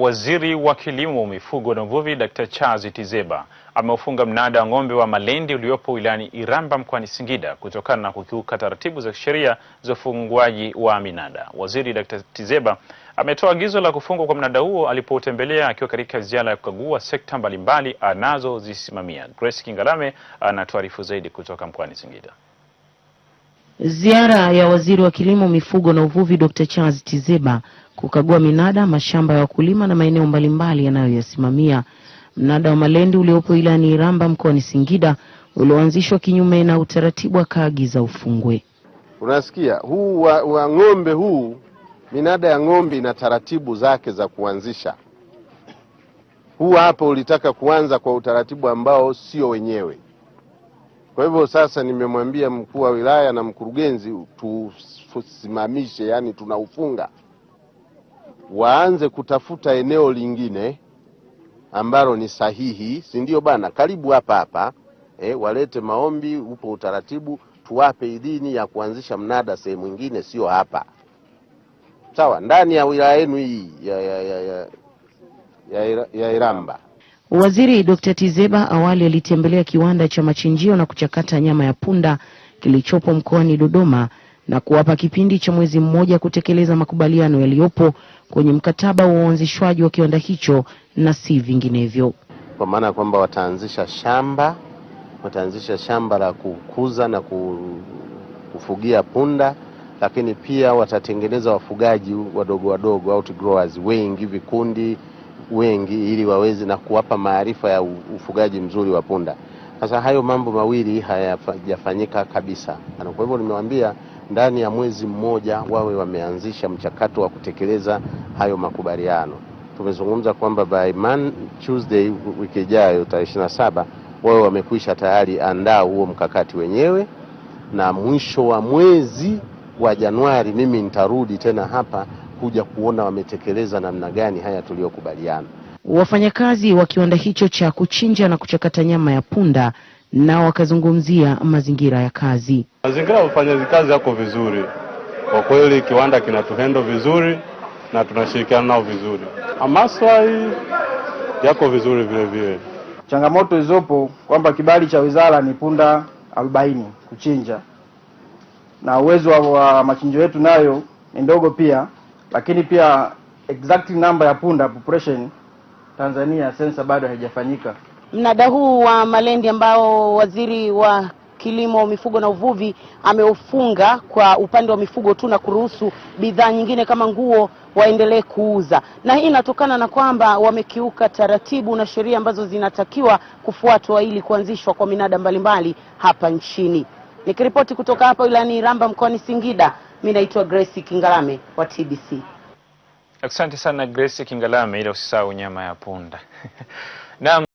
Waziri wa Kilimo, Mifugo na Uvuvi Dr. Charles Tizeba ameufunga mnada wa ng'ombe wa Malendi uliopo wilayani Iramba mkoani Singida kutokana na kukiuka taratibu za sheria za ufunguaji wa minada. Waziri Dr. Tizeba ametoa agizo la kufungwa kwa mnada huo alipotembelea akiwa katika ziara ya kukagua sekta mbalimbali anazozisimamia. Grace Kingalame anatuarifu zaidi kutoka mkoani Singida. Ziara ya waziri wa Kilimo, Mifugo na Uvuvi Dr. Charles Tizeba kukagua minada, mashamba ya wakulima na maeneo mbalimbali yanayoyasimamia. Mnada wa Malendi uliopo wilayani Iramba mkoani Singida ulioanzishwa kinyume na utaratibu akaagiza ufungwe. Unasikia huu wa, wa ng'ombe huu, minada ya ng'ombe ina taratibu zake za kuanzisha. Huu hapa ulitaka kuanza kwa utaratibu ambao sio wenyewe. Kwa hivyo sasa nimemwambia mkuu wa wilaya na mkurugenzi tusimamishe, yani tunaufunga waanze kutafuta eneo lingine ambalo ni sahihi, si ndio bana? Karibu hapa hapa eh, walete maombi, upo utaratibu, tuwape idhini ya kuanzisha mnada sehemu nyingine, sio hapa sawa, ndani ya wilaya yenu hii ya, ya, ya, ya, ya, ya Iramba. Waziri Dr. Tizeba awali alitembelea kiwanda cha machinjio na kuchakata nyama ya punda kilichopo mkoani Dodoma na kuwapa kipindi cha mwezi mmoja kutekeleza makubaliano yaliyopo kwenye mkataba wa uanzishwaji wa kiwanda hicho na si vinginevyo, kwa maana ya kwamba wataanzisha shamba wataanzisha shamba la kukuza na kufugia punda, lakini pia watatengeneza wafugaji wadogo wadogo outgrowers wengi, vikundi wengi, ili waweze na kuwapa maarifa ya ufugaji mzuri wa punda. Sasa hayo mambo mawili hayajafanyika kabisa. Kwa hivyo nimewaambia ndani ya mwezi mmoja wawe wameanzisha mchakato wa kutekeleza hayo makubaliano. Tumezungumza kwamba by man Tuesday wiki ijayo tarehe saba wawe wamekwisha tayari andaa huo mkakati wenyewe, na mwisho wa mwezi wa Januari mimi nitarudi tena hapa kuja kuona wametekeleza namna gani haya tuliyokubaliana. Wafanyakazi wa kiwanda hicho cha kuchinja na kuchakata nyama ya punda nao wakazungumzia mazingira ya kazi. Mazingira ya ufanyaji kazi yako vizuri kwa kweli, kiwanda kinatuhendo vizuri na tunashirikiana nao vizuri, maslahi yako vizuri vile vile. Changamoto zilizopo kwamba kibali cha wizara ni punda arobaini kuchinja na uwezo wa machinjo yetu nayo ni ndogo pia, lakini pia exact number ya punda population Tanzania sensa bado haijafanyika. Mnada huu wa malendi ambao waziri wa kilimo, mifugo na uvuvi ameufunga kwa upande wa mifugo tu na kuruhusu bidhaa nyingine kama nguo waendelee kuuza, na hii inatokana na kwamba wamekiuka taratibu na sheria ambazo zinatakiwa kufuatwa ili kuanzishwa kwa minada mbalimbali hapa nchini. Nikiripoti kutoka hapa wilayani Iramba mkoani Singida, mimi naitwa Grace Kingalame wa TBC. Asante sana Grace Kingalame, ila usisahau nyama ya punda. Naam.